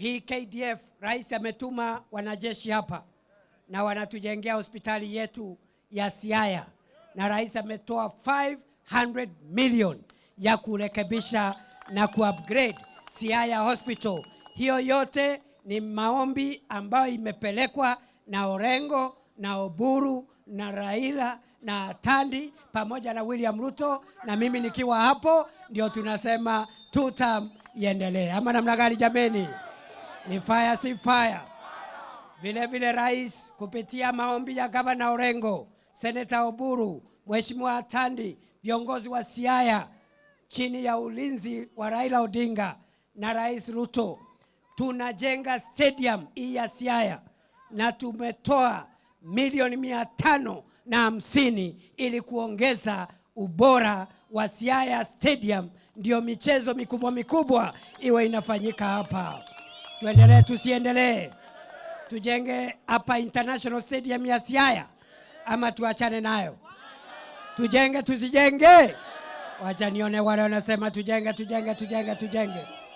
hii KDF, rais ametuma wanajeshi hapa na wanatujengea hospitali yetu ya Siaya, na rais ametoa 500 million ya kurekebisha na kuupgrade Siaya Hospital. Hiyo yote ni maombi ambayo imepelekwa na Orengo na Oburu na Raila na Atandi pamoja na William Ruto, na mimi nikiwa hapo, ndio tunasema tutam ama namna gani jameni? ni fire si Vile Vilevile rais kupitia maombi ya gavana Orengo, seneta Oburu, mheshimiwa Atandi, viongozi wa Siaya chini ya ulinzi wa Raila Odinga na rais Ruto, tunajenga stadium hii ya Siaya na tumetoa milioni mia tano na hamsini ili kuongeza ubora wa Siaya Stadium, ndio michezo mikubwa mikubwa iwe inafanyika hapa. Tuendelee tusiendelee? Tujenge hapa international stadium ya Siaya ama tuachane nayo? Tujenge tusijenge? Wacha nione wale wanasema tujenge, tujenge, tujenge, tujenge.